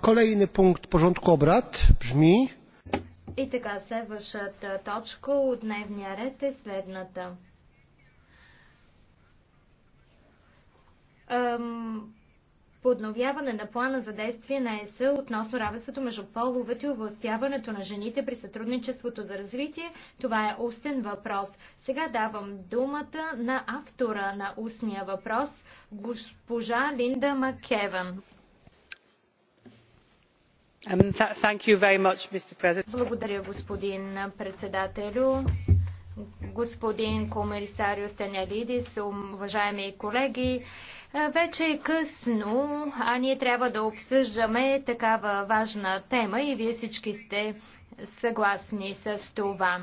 Kolejny punkt porządku obrad brzmi. И така, следващата точка от дневния ред е следната. подновяване на плана за действие на ЕС относно равенството между половете и областяването на жените при сътрудничеството за развитие. Това е устен въпрос. Сега давам думата на автора на устния въпрос, госпожа Линда Макеван. Um, Благодаря, господин председателю. Господин комисар Стенелидис, уважаеми колеги, вече е късно, а ние трябва да обсъждаме такава важна тема и вие всички сте съгласни с това.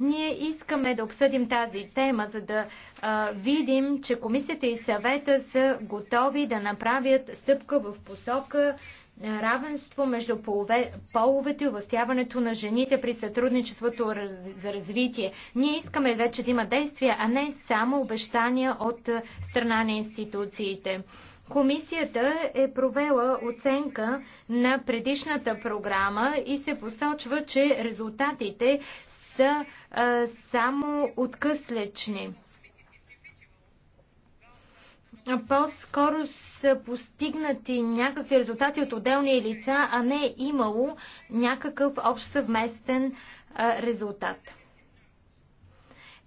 Ние искаме да обсъдим тази тема, за да а, видим, че комисията и съвета са готови да направят стъпка в посока равенство между половете и властяването на жените при сътрудничеството за развитие. Ние искаме вече да има действия, а не само обещания от страна на институциите. Комисията е провела оценка на предишната програма и се посочва, че резултатите са а, само откъслечни по-скоро са постигнати някакви резултати от отделни лица, а не е имало някакъв общ съвместен резултат.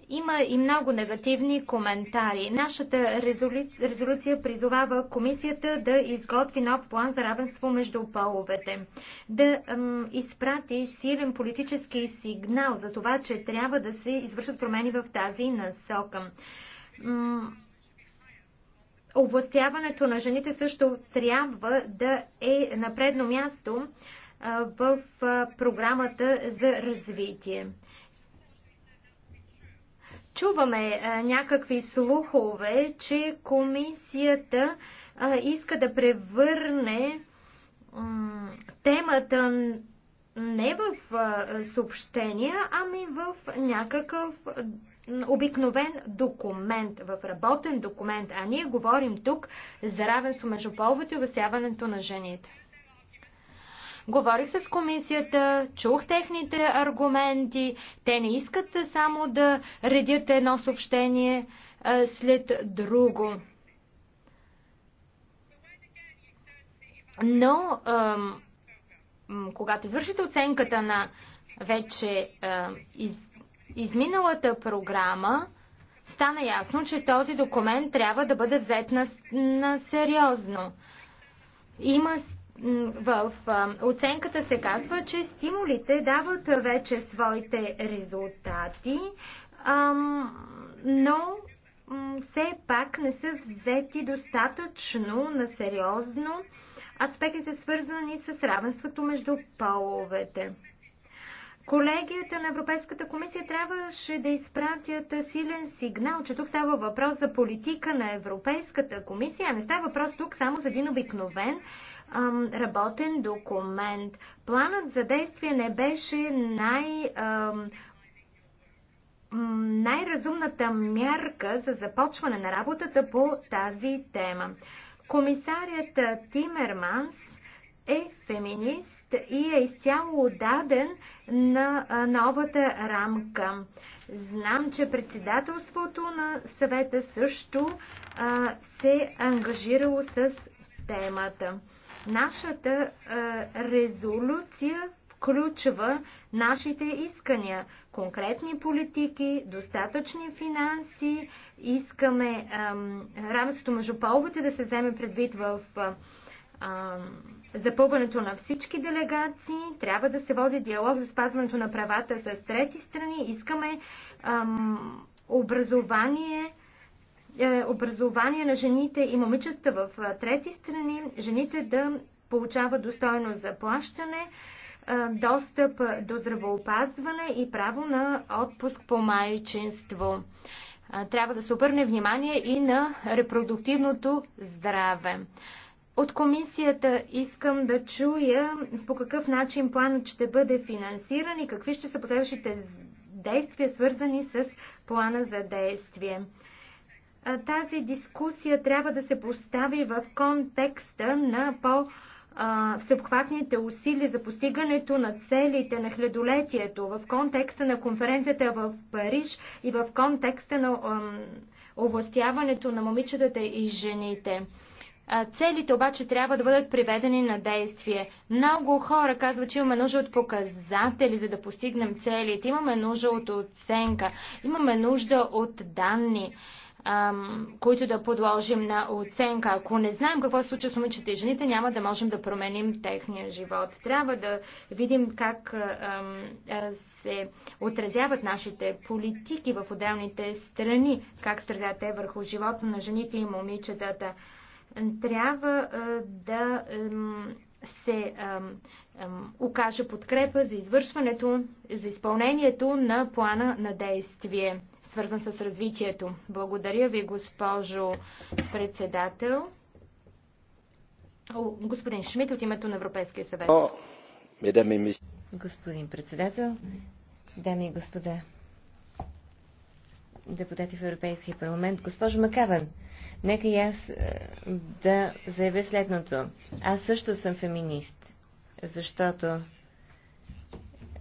Има и много негативни коментари. Нашата резолю... резолюция призовава комисията да изготви нов план за равенство между половете, да ем, изпрати силен политически сигнал за това, че трябва да се извършат промени в тази насока. Ем, овластяването на жените също трябва да е на предно място в програмата за развитие. Чуваме някакви слухове, че комисията иска да превърне темата не в съобщения, ами в някакъв обикновен документ, в работен документ, а ние говорим тук за равенство между половете и увесяването на жените. Говорих с комисията, чух техните аргументи. Те не искат само да редят едно съобщение а, след друго. Но, ам, когато извършите оценката на вече а, из, изминалата програма стана ясно, че този документ трябва да бъде взет на, на сериозно. Има в оценката се казва, че стимулите дават вече своите резултати, но все пак не са взети достатъчно на сериозно аспектите свързани с равенството между половете. Колегията на Европейската комисия трябваше да изпратят силен сигнал, че тук става въпрос за политика на Европейската комисия, а не става въпрос тук само за един обикновен ам, работен документ. Планът за действие не беше най... Ам, най-разумната мярка за започване на работата по тази тема. Комисарият Тимерманс е феминист и е изцяло отдаден на новата рамка. Знам, че председателството на съвета също а, се е ангажирало с темата. Нашата а, резолюция включва нашите искания, конкретни политики, достатъчни финанси, искаме равенството между половете да се вземе предвид в а, запълването на всички делегации, трябва да се води диалог за спазването на правата с трети страни. Искаме ам, образование е, образование на жените и момичета в трети страни, жените да получават достойно заплащане, достъп до здравоопазване и право на отпуск по майчинство. Трябва да се обърне внимание и на репродуктивното здраве. От комисията искам да чуя по какъв начин планът ще бъде финансиран и какви ще са последващите действия, свързани с плана за действие. Тази дискусия трябва да се постави в контекста на по- всеобхватните усилия за постигането на целите на хледолетието в контекста на конференцията в Париж и в контекста на овластяването на момичетата и жените. Целите обаче трябва да бъдат приведени на действие. Много хора казват, че имаме нужда от показатели, за да постигнем целите. Имаме нужда от оценка. Имаме нужда от данни които да подложим на оценка. Ако не знаем какво се случва с момичета и жените, няма да можем да променим техния живот. Трябва да видим как се отразяват нашите политики в отделните страни, как се отразяват те върху живота на жените и момичетата трябва да се окаже подкрепа за извършването, за изпълнението на плана на действие, свързан с развитието. Благодаря ви, госпожо председател. господин Шмидт от името на Европейския съвет. Господин председател, дами и господа, депутати в Европейския парламент, госпожо Макаван, Нека и аз е, да заявя следното. Аз също съм феминист, защото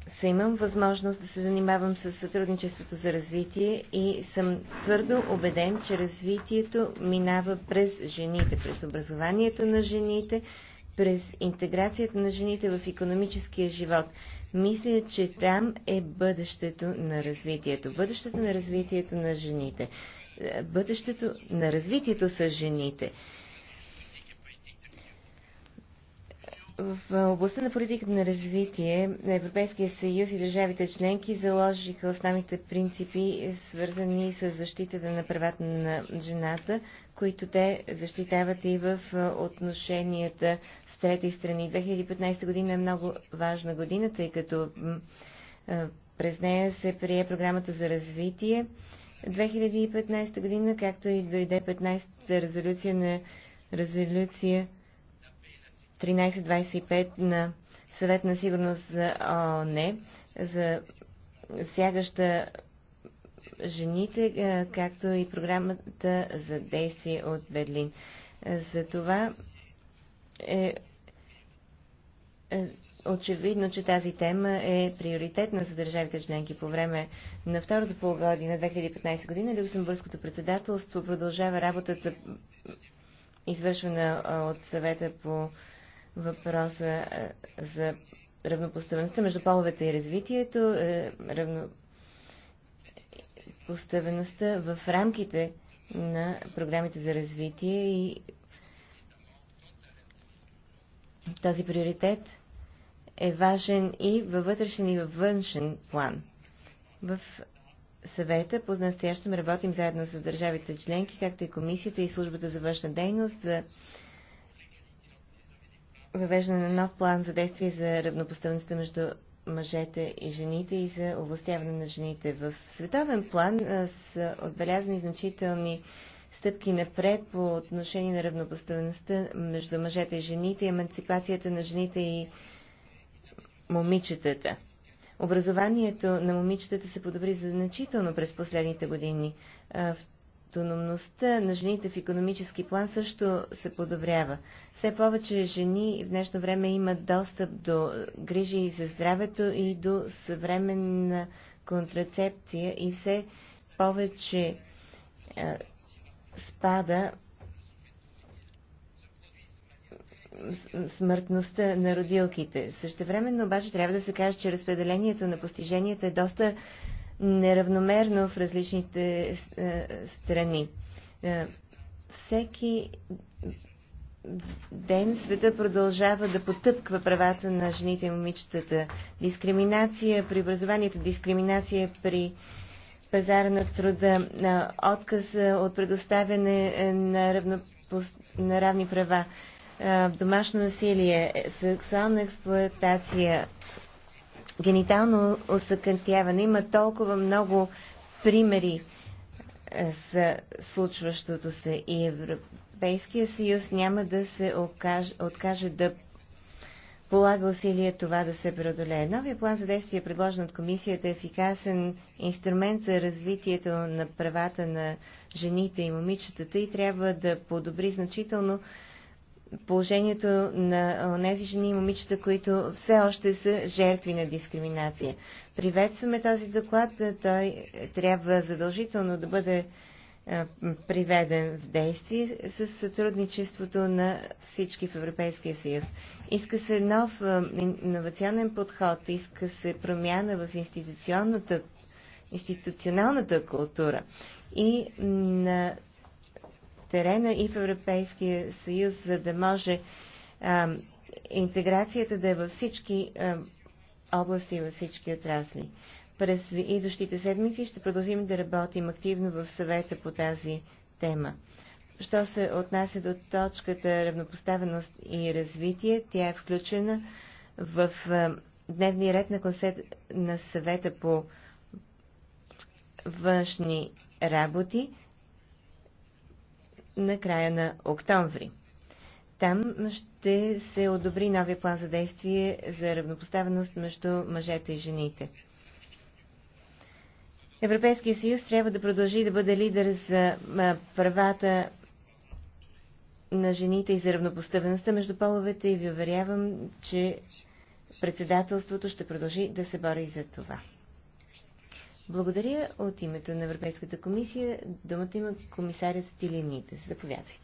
се имам възможност да се занимавам с сътрудничеството за развитие и съм твърдо убеден, че развитието минава през жените, през образованието на жените, през интеграцията на жените в економическия живот. Мисля, че там е бъдещето на развитието. Бъдещето на развитието на жените бъдещето на развитието с жените. В областта на политиката на развитие на Европейския съюз и държавите членки заложиха основните принципи, свързани с защитата на правата на жената, които те защитават и в отношенията с трети страни. 2015 година е много важна година, тъй като през нея се прие програмата за развитие 2015 година, както и дойде 15-та резолюция на резолюция 1325 на Съвет на сигурност за ООН, за сягаща жените, както и програмата за действие от Берлин. За това е, е очевидно, че тази тема е приоритетна за държавите членки по време на второто полугодие на 2015 година. Люксембургското председателство продължава работата, извършвана от съвета по въпроса за равнопоставеността между половете и развитието, е, равнопоставеността в рамките на програмите за развитие и този приоритет е важен и във вътрешен и във външен план. В съвета по настоящем работим заедно с държавите членки, както и комисията и службата за външна дейност за въвеждане на нов план за действие за равнопоставеността между мъжете и жените и за областяване на жените. В световен план са отбелязани значителни стъпки напред по отношение на равнопоставеността между мъжете и жените, еманципацията на жените и момичетата. Образованието на момичетата се подобри значително през последните години. Автономността на жените в економически план също се подобрява. Все повече жени в днешно време имат достъп до грижи и за здравето и до съвременна контрацепция и все повече спада смъртността на родилките. Същевременно обаче трябва да се каже, че разпределението на постиженията е доста неравномерно в различните е, страни. Е, всеки ден света продължава да потъпква правата на жените и момичетата. Дискриминация при образованието, дискриминация при пазара на труда, на е, отказ от предоставяне е, на, равнопос... на равни права. Е, домашно насилие, е, сексуална експлоатация, генитално усъкънтяване. Има толкова много примери е, за случващото се и Европейския съюз няма да се откаже да полага усилия това да се преодолее. Новия план за действие, предложен от комисията, е ефикасен инструмент за развитието на правата на жените и момичетата и трябва да подобри значително положението на тези жени и момичета, които все още са жертви на дискриминация. Приветстваме този доклад. Той трябва задължително да бъде приведен в действие с сътрудничеството на всички в Европейския съюз. Иска се нов инновационен подход, иска се промяна в институционната, институционалната култура и на терена и в Европейския съюз, за да може а, интеграцията да е във всички а, области и във всички отрасли. През идващите седмици ще продължим да работим активно в съвета по тази тема. Що се отнася до точката равнопоставеност и развитие, тя е включена в дневния ред на, консет... на съвета по външни работи на края на октомври. Там ще се одобри новия план за действие за равнопоставеност между мъжете и жените. Европейския съюз трябва да продължи да бъде лидер за правата на жените и за равнопоставеността между половете и ви уверявам, че председателството ще продължи да се бори за това. Благодаря от името на Европейската комисия. Думата има комисарят Стилините. Заповядайте.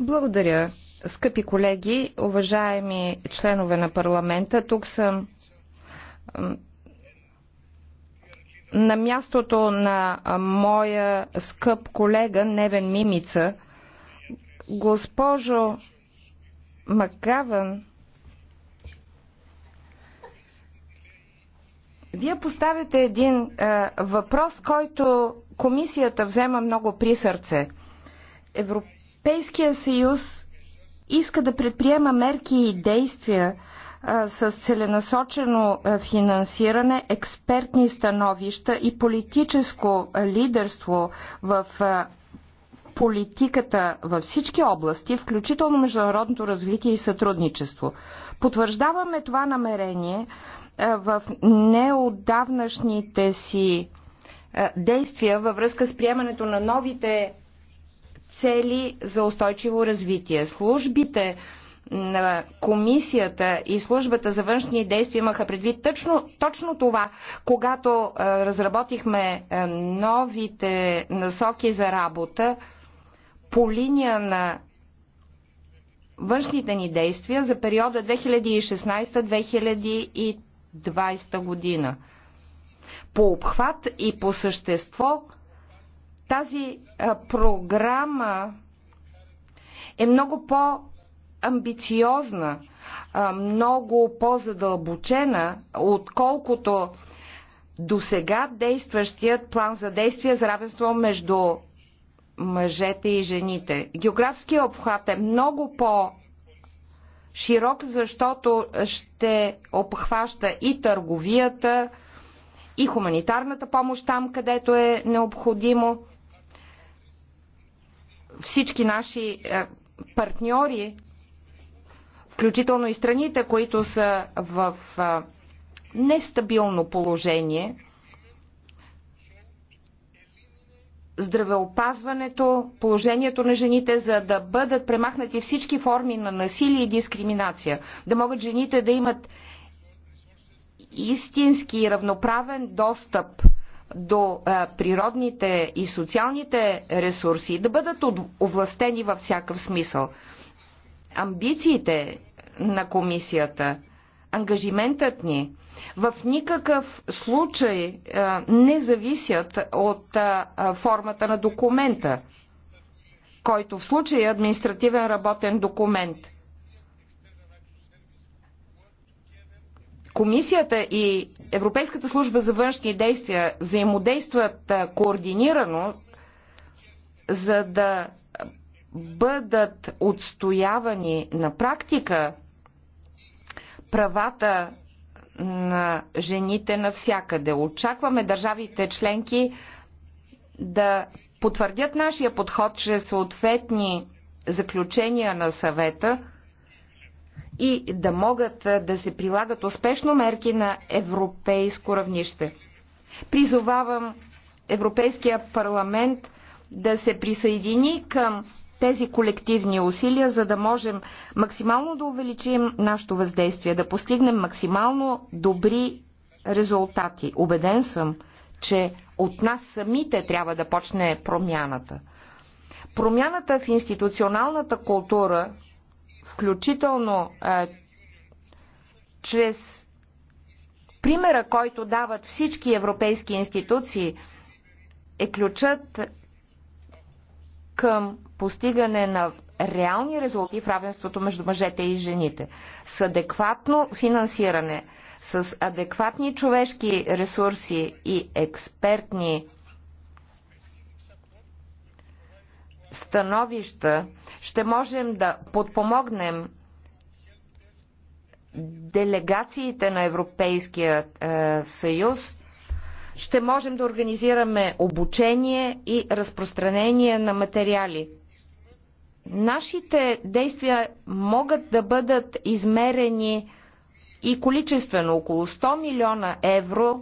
Благодаря, скъпи колеги, уважаеми членове на парламента. Тук съм на мястото на моя скъп колега Невен Мимица. Госпожо Макгаван, Вие поставяте един е, въпрос, който комисията взема много при сърце. Европейския съюз иска да предприема мерки и действия е, с целенасочено е, финансиране, експертни становища и политическо лидерство в е, политиката във всички области, включително международното развитие и сътрудничество. Потвърждаваме това намерение в неотдавнашните си действия във връзка с приемането на новите цели за устойчиво развитие. Службите на комисията и службата за външни действия имаха предвид точно, точно това, когато разработихме новите насоки за работа по линия на външните ни действия за периода 2016-2030 2020 година. По обхват и по същество тази програма е много по-амбициозна, много по-задълбочена, отколкото до сега действащият план за действие за равенство между мъжете и жените. Географският обхват е много по широк, защото ще обхваща и търговията, и хуманитарната помощ там, където е необходимо. Всички наши е, партньори, включително и страните, които са в е, нестабилно положение, здравеопазването, положението на жените, за да бъдат премахнати всички форми на насилие и дискриминация. Да могат жените да имат истински и равноправен достъп до природните и социалните ресурси, да бъдат овластени във всякакъв смисъл. Амбициите на комисията – ангажиментът ни в никакъв случай е, не зависят от е, формата на документа, който в случай е административен работен документ. Комисията и Европейската служба за външни действия взаимодействат е, координирано, за да бъдат отстоявани на практика правата на жените навсякъде. Очакваме държавите членки да потвърдят нашия подход чрез съответни заключения на съвета и да могат да се прилагат успешно мерки на европейско равнище. Призовавам Европейския парламент да се присъедини към тези колективни усилия, за да можем максимално да увеличим нашето въздействие, да постигнем максимално добри резултати. Обеден съм, че от нас самите трябва да почне промяната. Промяната в институционалната култура, включително е, чрез примера, който дават всички европейски институции, е ключът към постигане на реални резултати в равенството между мъжете и жените. С адекватно финансиране, с адекватни човешки ресурси и експертни становища, ще можем да подпомогнем делегациите на Европейския е, съюз ще можем да организираме обучение и разпространение на материали. Нашите действия могат да бъдат измерени и количествено. Около 100 милиона евро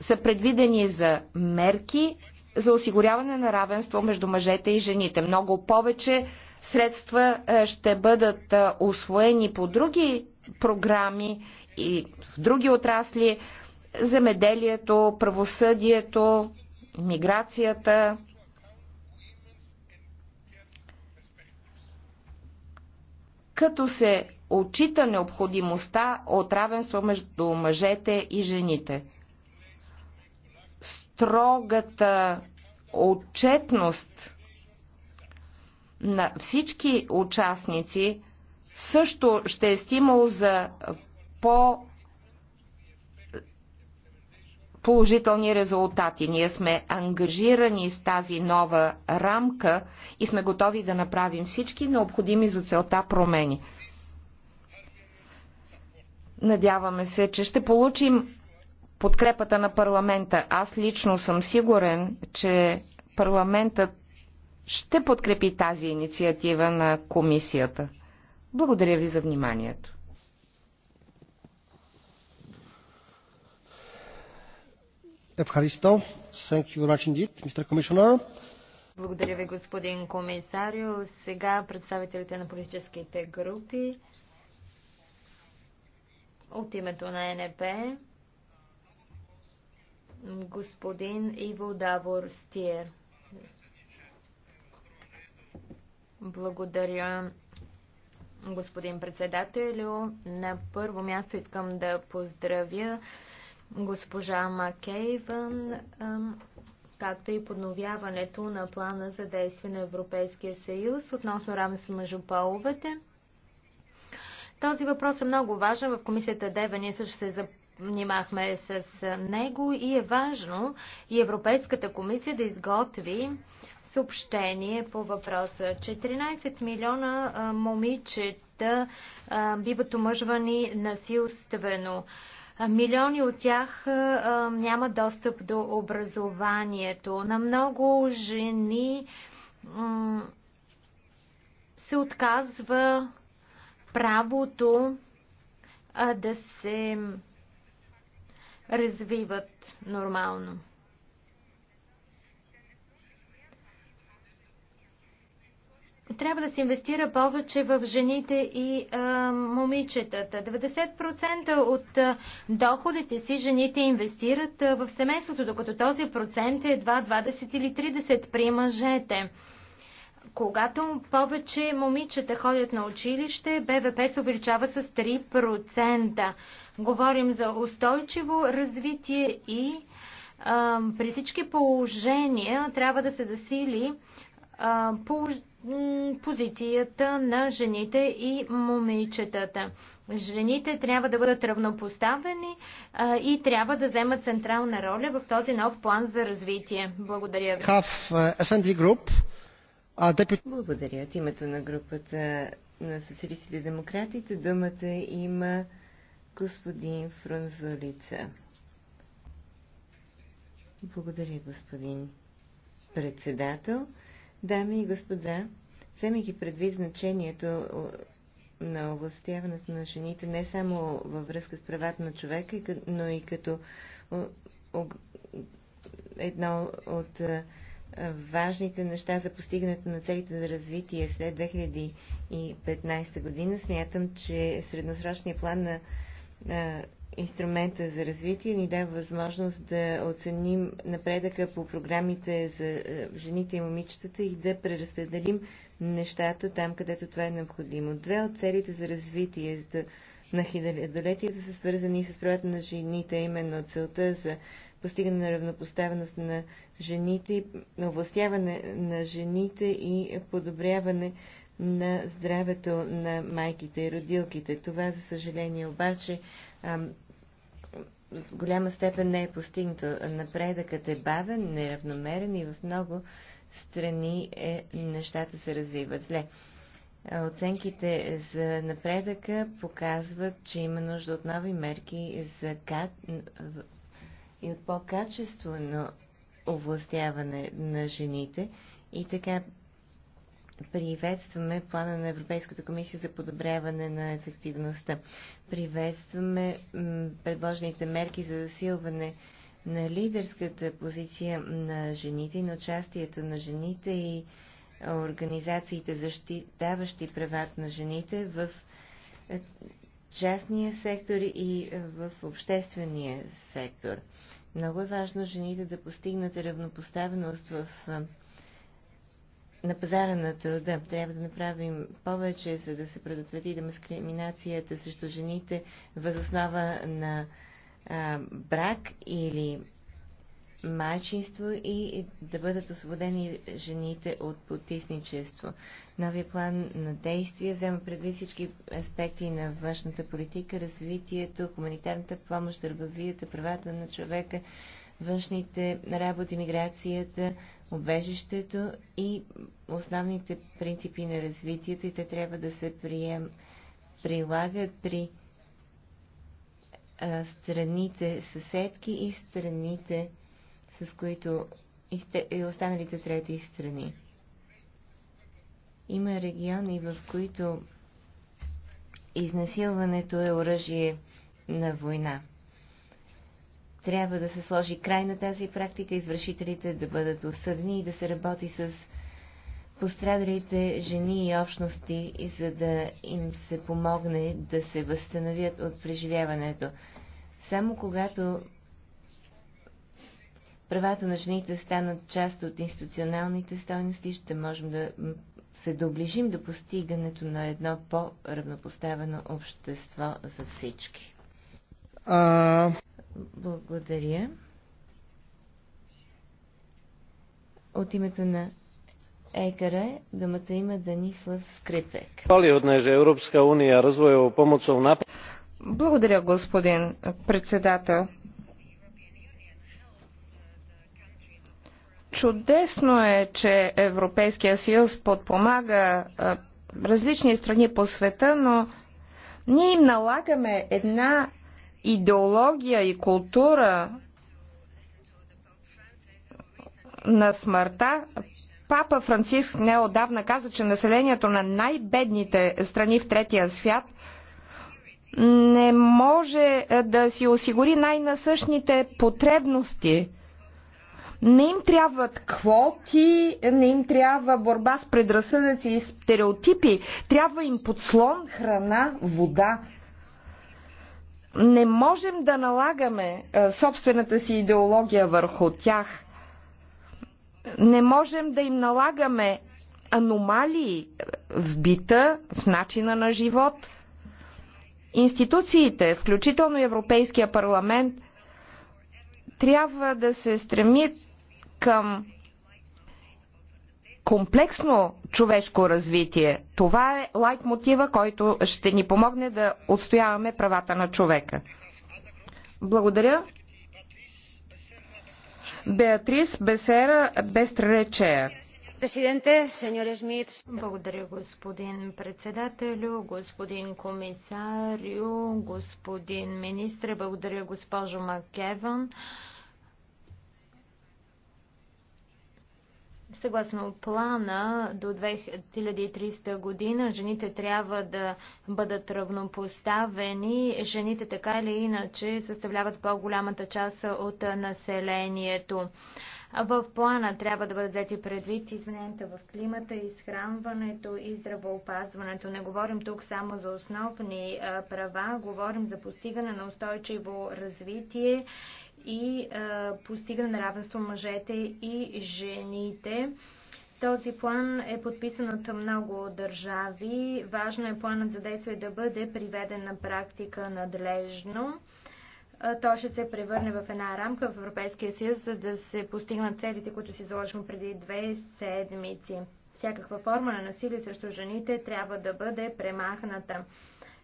са предвидени за мерки за осигуряване на равенство между мъжете и жените. Много повече средства е, ще бъдат освоени е, по други програми и в други отрасли земеделието, правосъдието, миграцията, като се отчита необходимостта от равенство между мъжете и жените. Строгата отчетност на всички участници също ще е стимул за по- положителни резултати. Ние сме ангажирани с тази нова рамка и сме готови да направим всички необходими за целта промени. Надяваме се, че ще получим подкрепата на парламента. Аз лично съм сигурен, че парламентът ще подкрепи тази инициатива на комисията. Благодаря ви за вниманието. Благодаря ви, господин комисарио. Сега представителите на политическите групи от името на НП господин Иво Давор Стиер. Благодаря, господин председателю. На първо място искам да поздравя госпожа Макейвън, както и подновяването на плана за действие на Европейския съюз относно равенство между половете. Този въпрос е много важен. В комисията ДЕВА ние също се занимахме с него и е важно и Европейската комисия да изготви съобщение по въпроса. 14 милиона момичета биват омъжвани насилствено. Милиони от тях няма достъп до образованието. На много жени се отказва правото да се развиват нормално. Трябва да се инвестира повече в жените и а, момичетата. 90% от а, доходите си жените инвестират а, в семейството, докато този процент е едва 20 или 30 при мъжете. Когато повече момичета ходят на училище, БВП се увеличава с 3%. Говорим за устойчиво развитие и а, при всички положения трябва да се засили а, позицията на жените и момичетата. Жените трябва да бъдат равнопоставени а, и трябва да вземат централна роля в този нов план за развитие. Благодаря ви. Uh, uh, Благодаря. От името на групата на социалистите и демократите думата има господин Франзолица. Благодаря, господин председател. Дами и господа, вземайки предвид значението на областяването на жените не само във връзка с правата на човека, но и като едно от важните неща за постигането на целите за развитие след 2015 година. Смятам, че средносрочният план на инструмента за развитие ни дава възможност да оценим напредъка по програмите за е, жените и момичетата и да преразпределим нещата там, където това е необходимо. Две от целите за развитие на хилядолетието са свързани с правата на жените, именно целта за постигане на равнопоставеност на жените, овластяване на жените и подобряване на здравето на майките и родилките. Това, за съжаление, обаче в голяма степен не е постигнато. Напредъкът е бавен, неравномерен и в много страни е, нещата се развиват зле. Оценките за напредъка показват, че има нужда от нови мерки за кат... и от по-качествено овластяване на жените и така Приветстваме плана на Европейската комисия за подобряване на ефективността. Приветстваме предложените мерки за засилване на лидерската позиция на жените и на участието на жените и организациите, защитаващи правата на жените в е, частния сектор и е, в обществения сектор. Много е важно жените да постигнат равнопоставеност в е, на пазара на труда. Трябва да направим повече, за да се предотврати дискриминацията срещу жените възоснова на а, брак или майчинство и да бъдат освободени жените от потисничество. Новия план на действие взема предвид всички аспекти на външната политика, развитието, хуманитарната помощ, търговията, правата на човека, външните работи, миграцията, обежището и основните принципи на развитието и те трябва да се прием, прилагат при а, страните съседки и страните, с които и, и останалите трети страни. Има региони, в които изнасилването е оръжие на война. Трябва да се сложи край на тази практика, извършителите да бъдат осъдени и да се работи с пострадалите жени и общности, за да им се помогне да се възстановят от преживяването. Само когато правата на жените станат част от институционалните стойности, ще можем да се доближим до постигането на едно по-равнопоставено общество за всички. А... Благодаря. От името на Екаре думата има Данислав Скрипек. Благодаря, господин председател. Чудесно е, че Европейския съюз подпомага различни страни по света, но ние им налагаме една идеология и култура на смъртта, Папа Франциск неодавна каза, че населението на най-бедните страни в третия свят не може е, да си осигури най-насъщните потребности. Не им трябват квоти, не им трябва борба с предразсъдъци и стереотипи. Трябва им подслон, храна, вода. Не можем да налагаме собствената си идеология върху тях. Не можем да им налагаме аномалии в бита, в начина на живот. Институциите, включително Европейския парламент, трябва да се стремят към комплексно човешко развитие. Това е лайт мотива, който ще ни помогне да отстояваме правата на човека. Благодаря. Беатрис Бесера Бестречея. Благодаря, господин председателю, господин комисарю, господин министре. Благодаря, госпожо Макеван. Съгласно плана до 2300 година жените трябва да бъдат равнопоставени. Жените така или иначе съставляват по-голямата част от населението. В плана трябва да бъдат взети предвид измененията в климата, изхранването и здравоопазването. Не говорим тук само за основни права, говорим за постигане на устойчиво развитие и постигане на равенство мъжете и жените. Този план е подписан от много държави. Важно е планът за действие да бъде приведен на практика надлежно то ще се превърне в една рамка в Европейския съюз, за да се постигнат целите, които си заложим преди две седмици. Всякаква форма на насилие срещу жените трябва да бъде премахната.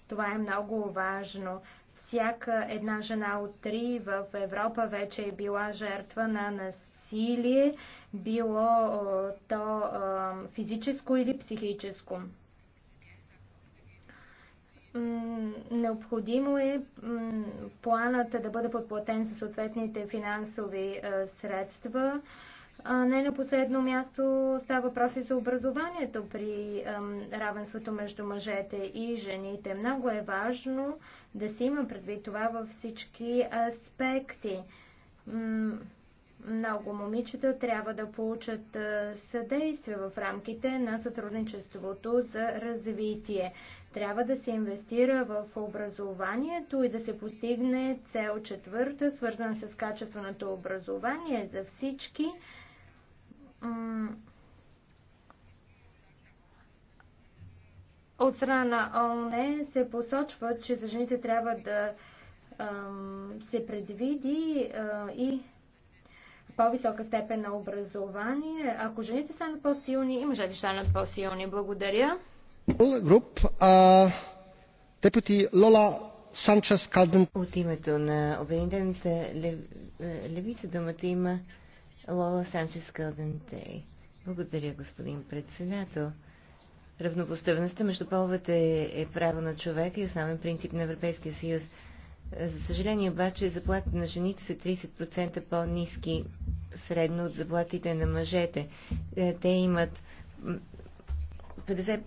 Това е много важно. Всяка една жена от три в Европа вече е била жертва на насилие, било то физическо или психическо. Необходимо е планът да бъде подплатен със съответните финансови е, средства. Не на последно място става въпрос и за образованието при равенството между мъжете и жените. Много е важно да се има предвид това във всички аспекти. Много момичета трябва да получат съдействие в рамките на сътрудничеството за развитие. Трябва да се инвестира в образованието и да се постигне цел четвърта, свързана с качественото образование за всички. От страна на ООН се посочва, че за жените трябва да се предвиди и по-висока степен на образование, ако жените станат по-силни и мъжете станат по-силни. Благодаря. депути Лола Санчес Калден. От името на Обединената е, левица думата има Лола Санчес Калдентей. Благодаря, господин председател. Равнопоставеността между половете е, е право на човека и основен принцип на Европейския съюз. За съжаление обаче заплатите на жените са 30% по-низки средно от заплатите на мъжете. Е, те имат 50%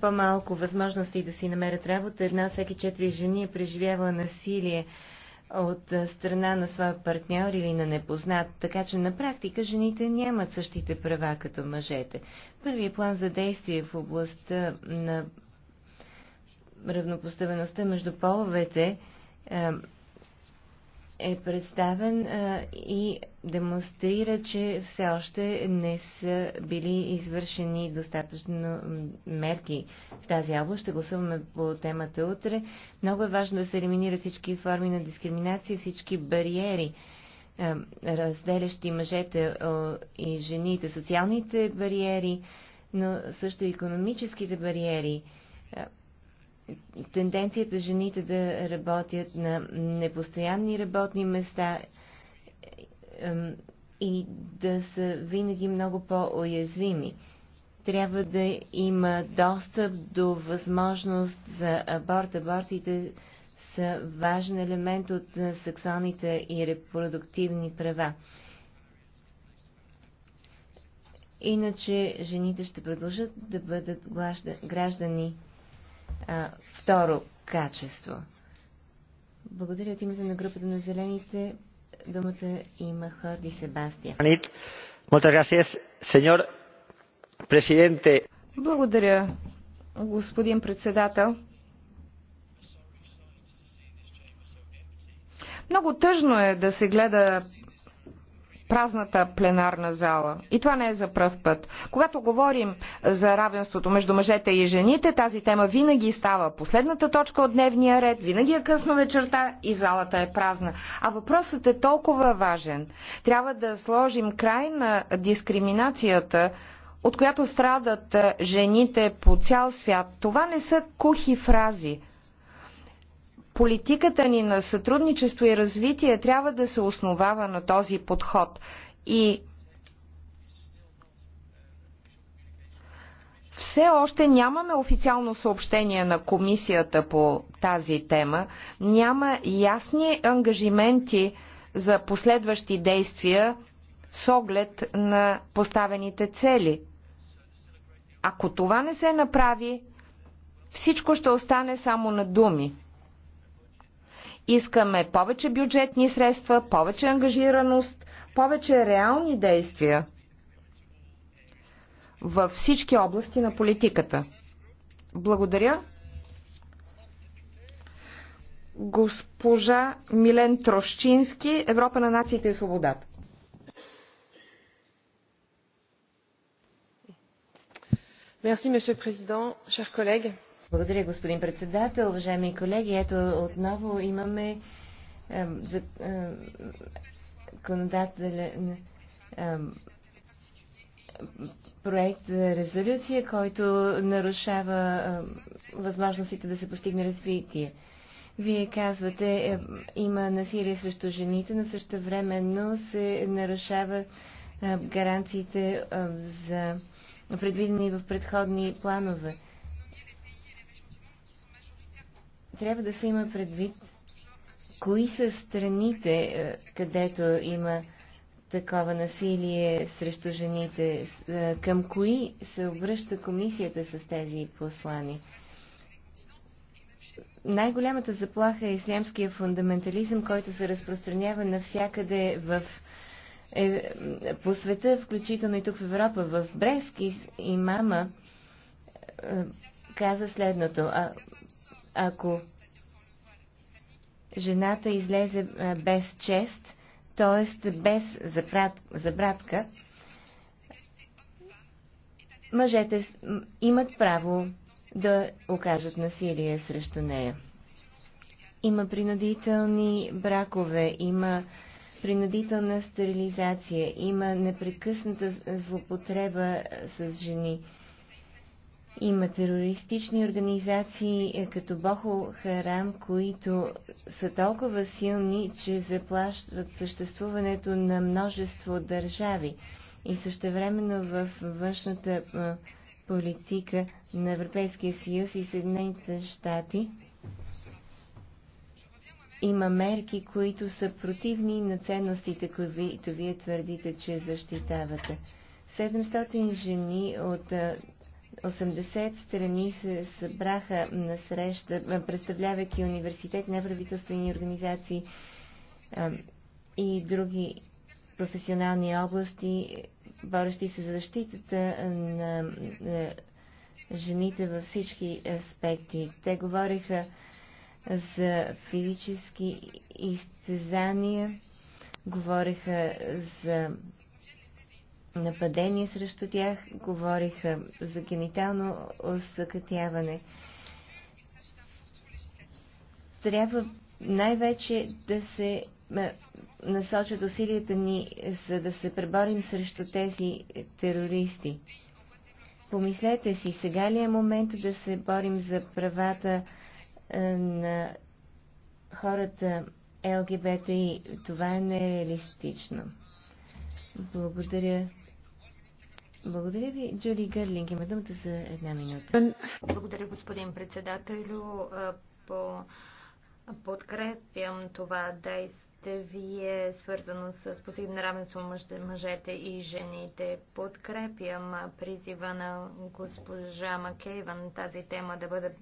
по-малко възможности да си намерят работа. Една всеки четири жени е преживявала насилие от е, страна на своя партньор или на непознат, така че на практика жените нямат същите права като мъжете. Първият план за действие в областта на равнопоставеността между половете е, е представен е, и демонстрира, че все още не са били извършени достатъчно мерки в тази област. Ще гласуваме по темата утре. Много е важно да се елиминират всички форми на дискриминация, всички бариери, е, разделящи мъжете и жените, социалните бариери, но също и економическите бариери тенденцията жените да работят на непостоянни работни места и да са винаги много по-уязвими. Трябва да има достъп до възможност за аборт. Абортите са важен елемент от сексуалните и репродуктивни права. Иначе жените ще продължат да бъдат граждани а, второ качество. Благодаря от името на групата на зелените. Думата има Хорди Себастия. Благодаря, господин председател. Много тъжно е да се гледа празната пленарна зала. И това не е за пръв път. Когато говорим за равенството между мъжете и жените, тази тема винаги става последната точка от дневния ред, винаги е късно вечерта и залата е празна. А въпросът е толкова важен. Трябва да сложим край на дискриминацията, от която страдат жените по цял свят. Това не са кухи фрази. Политиката ни на сътрудничество и развитие трябва да се основава на този подход и Все още нямаме официално съобщение на комисията по тази тема. Няма ясни ангажименти за последващи действия с оглед на поставените цели. Ако това не се направи, всичко ще остане само на думи. Искаме повече бюджетни средства, повече ангажираност, повече реални действия във всички области на политиката. Благодаря. Госпожа Милен Трошчински, Европа на нациите и свободата. Merci, Monsieur le Président, chers collègues. Благодаря, господин председател. Уважаеми колеги, ето отново имаме законодателен проект за резолюция, който нарушава възможностите да се постигне развитие. Вие казвате, има насилие срещу жените, но също но се нарушава гаранциите за предвидени в предходни планове. трябва да се има предвид кои са страните, е, където има такова насилие срещу жените, е, към кои се обръща комисията с тези послани. Най-голямата заплаха е ислямския фундаментализъм, който се разпространява навсякъде в е, по света, включително и тук в Европа. В Брески имама е, каза следното. А, ако жената излезе без чест, т.е. без забратка, мъжете имат право да окажат насилие срещу нея. Има принудителни бракове, има принудителна стерилизация, има непрекъсната злопотреба с жени. Има терористични организации е, като Бохо Харам, които са толкова силни, че заплащат съществуването на множество държави. И същевременно в външната е, политика на Европейския съюз и Съединените щати има мерки, които са противни на ценностите, които вие твърдите, че защитавате. 700 жени от е, 80 страни се събраха на среща, представлявайки университет, неправителствени организации и други професионални области, борещи се за защитата на жените във всички аспекти. Те говориха за физически изтезания, говориха за нападения срещу тях, говориха за генитално осъкътяване. Трябва най-вече да се насочат усилията ни, за да се преборим срещу тези терористи. Помислете си, сега ли е момента да се борим за правата е, на хората ЛГБТ, и Това е нереалистично. Благодаря. Благодаря ви. Джули Гърлинг има думата за една минута. Благодаря, господин председателю. По... Подкрепям това действие, свързано с постигане равенство мъжете и жените. Подкрепям призива на госпожа Макейван тази тема да бъде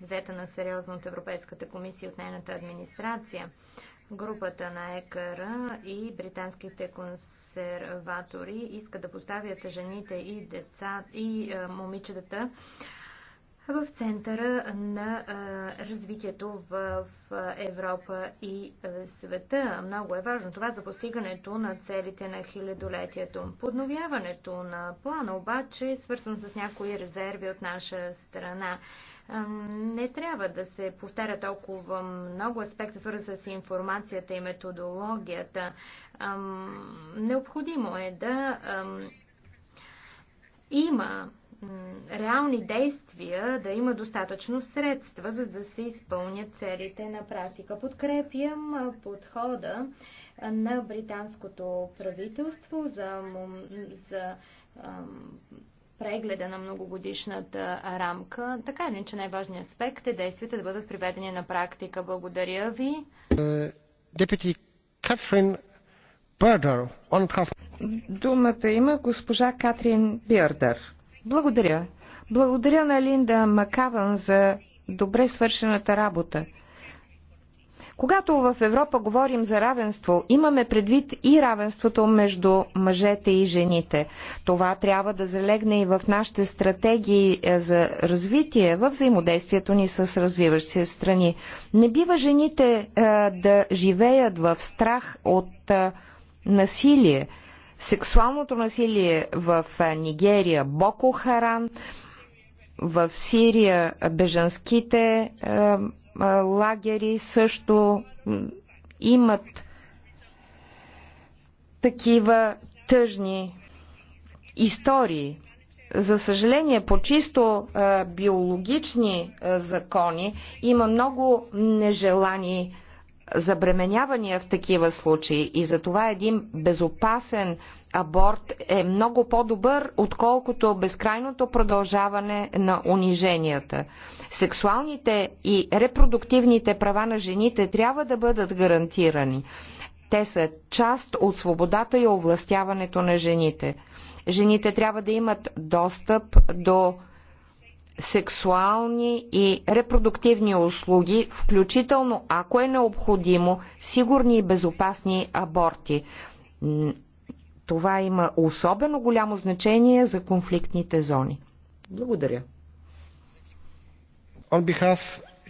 взета на сериозно от Европейската комисия от нейната администрация групата на ЕКР и британските консерватори консерватори искат да поставят жените и деца и е, момичетата в центъра на е, развитието в Европа и е, света. Много е важно това за постигането на целите на хилядолетието. Подновяването на плана обаче е свързано с някои резерви от наша страна. Не трябва да се повтаря толкова много аспекта, свързани с информацията и методологията. Необходимо е да има реални действия, да има достатъчно средства, за да се изпълнят целите на практика. Подкрепям подхода на британското правителство за, за прегледа на многогодишната рамка. Така е, че най-важният аспект е действията да бъдат приведени на практика. Благодаря ви. Депути Катрин Бърдър. Думата има госпожа Катрин Бърдър. Благодаря. Благодаря на Линда Макаван за добре свършената работа. Когато в Европа говорим за равенство, имаме предвид и равенството между мъжете и жените. Това трябва да залегне и в нашите стратегии е, за развитие, в взаимодействието ни с развиващи се страни. Не бива жените а, е, да живеят в страх от а, е, насилие. Сексуалното насилие в а, Нигерия, Боко Харан, в Сирия, бежанските. А, лагери също имат такива тъжни истории. За съжаление, по чисто биологични закони има много нежелани забременявания в такива случаи и затова един безопасен аборт е много по-добър, отколкото безкрайното продължаване на униженията. Сексуалните и репродуктивните права на жените трябва да бъдат гарантирани. Те са част от свободата и овластяването на жените. Жените трябва да имат достъп до сексуални и репродуктивни услуги, включително, ако е необходимо, сигурни и безопасни аборти. Това има особено голямо значение за конфликтните зони. Благодаря. On behalf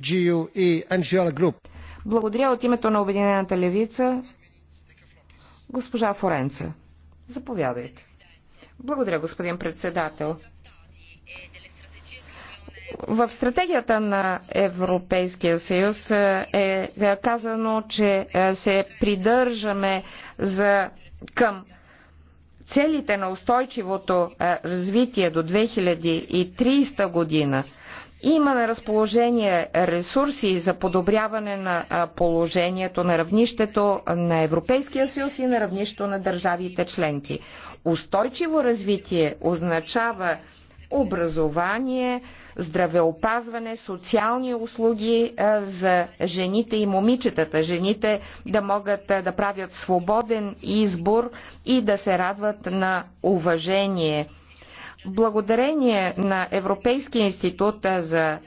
GUE NGL Group. Благодаря от името на Обединената левица госпожа Форенца. Заповядайте. Благодаря, господин председател. В стратегията на Европейския съюз е, е казано, че е, се придържаме за, към целите на устойчивото е, развитие до 2030 година има на разположение ресурси за подобряване на е, положението на равнището на Европейския съюз и на равнището на държавите членки. Устойчиво развитие означава образование, здравеопазване, социални услуги за жените и момичетата. Жените да могат да правят свободен избор и да се радват на уважение. Благодарение на Европейския институт за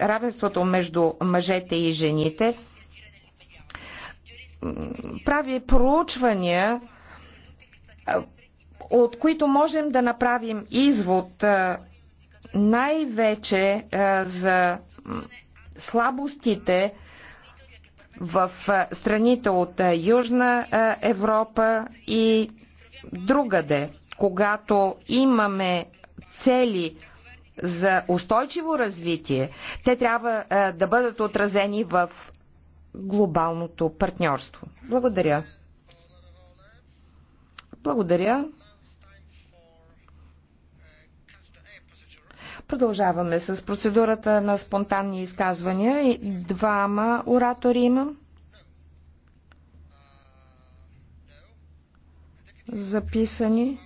равенството между мъжете и жените прави проучвания от които можем да направим извод най-вече за слабостите в страните от Южна Европа и другаде, когато имаме цели за устойчиво развитие, те трябва да бъдат отразени в глобалното партньорство. Благодаря. Благодаря. Продължаваме с процедурата на спонтанни изказвания. Двама оратори имам. Записани.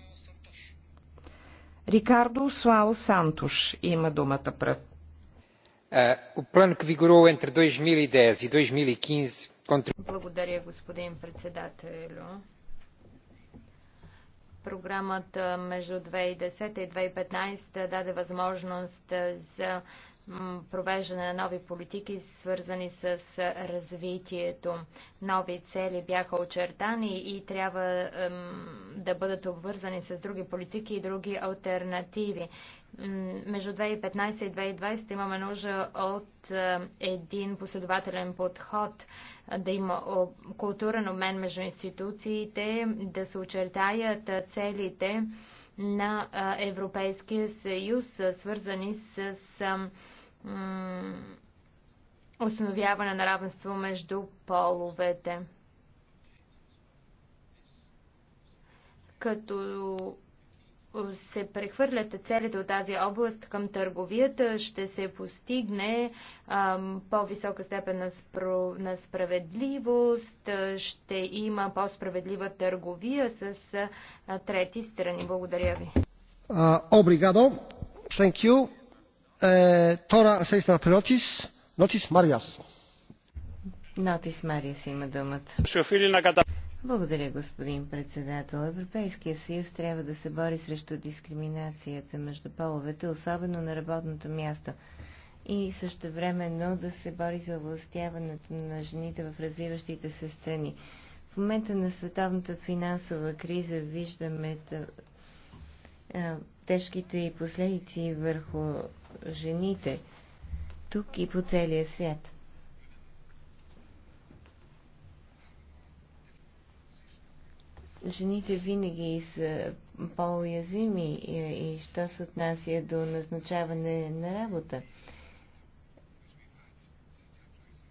Рикардо Суал Сантуш има думата пръв. Е, entre 2010 и 2015 Благодаря, господин председателю. Програмата между 2010 и 2015 даде възможност за провеждане на нови политики, свързани с развитието. Нови цели бяха очертани и трябва да бъдат обвързани с други политики и други альтернативи. Между 2015 и 2020 имаме нужда от е, един последователен подход, да има културен обмен между институциите, да се очертаят е, целите на е, Европейския съюз, свързани с установяване на равенство между половете. Като се прехвърлят целите от тази област към търговията, ще се постигне по-висока степен на, спр... на справедливост, ще има по-справедлива търговия с а, трети страни. Благодаря ви. Обригадо. Uh, Thank you. Е, Тора Пелотис, Нотис Мариас. Нотис Мариас има думата. Благодаря, господин председател. Европейския съюз трябва да се бори срещу дискриминацията между половете, особено на работното място и също времено да се бори за овластяването на жените в развиващите се страни. В момента на световната финансова криза виждаме тежките и последици върху жените тук и по целия свят. Жените винаги са по-уязвими и, и що се отнася до назначаване на работа.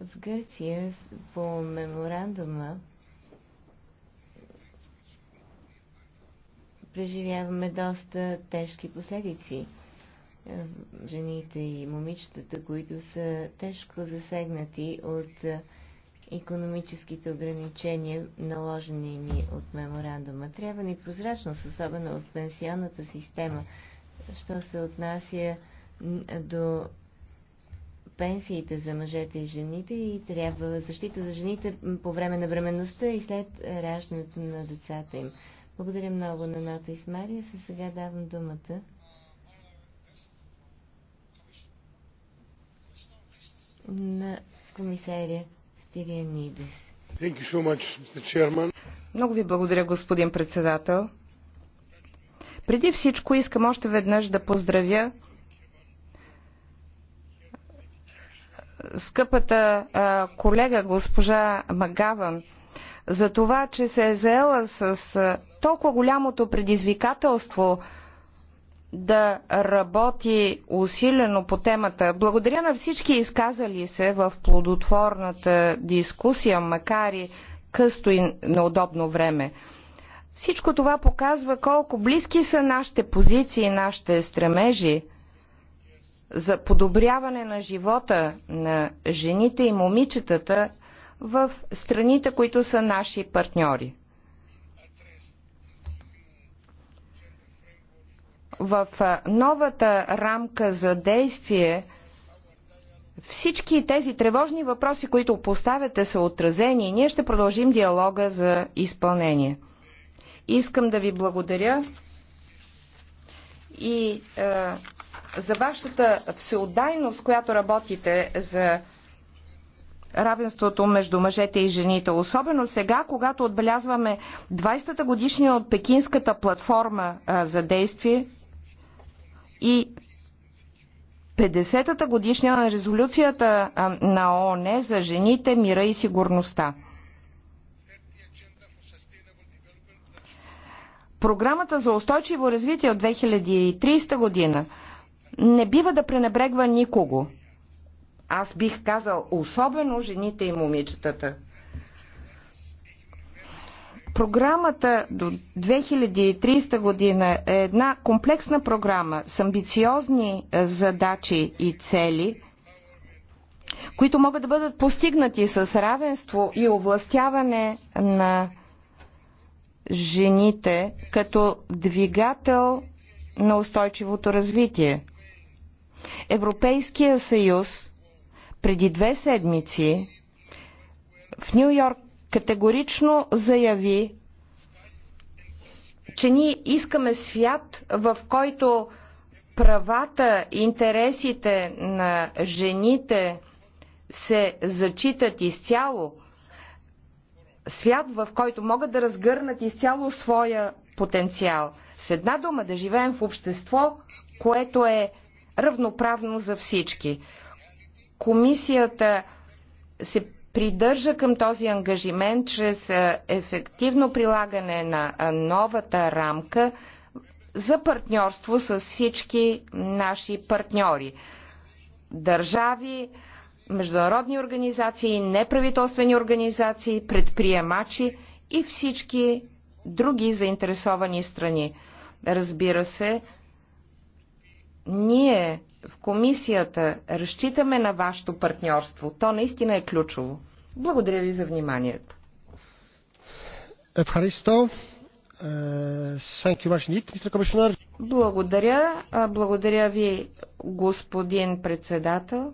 В Гърция по меморандума преживяваме доста тежки последици жените и момичетата, които са тежко засегнати от економическите ограничения, наложени ни от меморандума. Трябва ни прозрачност, особено от пенсионната система, що се отнася до пенсиите за мъжете и жените и трябва защита за жените по време на бременността и след раждането на децата им. Благодаря много на Ната Исмария. Сега давам думата на комисаря Стилианидис. So Много ви благодаря, господин председател. Преди всичко искам още веднъж да поздравя скъпата а, колега госпожа Магаван за това, че се е заела с а, толкова голямото предизвикателство да работи усилено по темата. Благодаря на всички изказали се в плодотворната дискусия, макар и късто и неудобно време. Всичко това показва колко близки са нашите позиции, нашите стремежи за подобряване на живота на жените и момичетата в страните, които са наши партньори. в новата рамка за действие всички тези тревожни въпроси, които поставяте, са отразени и ние ще продължим диалога за изпълнение. Искам да ви благодаря и е, за вашата всеотдайност, която работите за равенството между мъжете и жените. Особено сега, когато отбелязваме 20-та годишния от Пекинската платформа за действие и 50-та годишня на резолюцията на ООН за жените, мира и сигурността. Програмата за устойчиво развитие от 2030 година не бива да пренебрегва никого. Аз бих казал особено жените и момичетата. Програмата до 2030 година е една комплексна програма с амбициозни е, задачи и цели, които могат да бъдат постигнати с равенство и овластяване на жените като двигател на устойчивото развитие. Европейския съюз преди две седмици в Нью Йорк категорично заяви, че ние искаме свят, в който правата и интересите на жените се зачитат изцяло, свят, в който могат да разгърнат изцяло своя потенциал. С една дума да живеем в общество, което е равноправно за всички. Комисията се придържа към този ангажимент чрез ефективно прилагане на новата рамка за партньорство с всички наши партньори. Държави, международни организации, неправителствени организации, предприемачи и всички други заинтересовани страни. Разбира се, ние в комисията разчитаме на вашето партньорство. То наистина е ключово. Благодаря ви за вниманието. Евхаристо, е, благодаря. Благодаря ви, господин председател.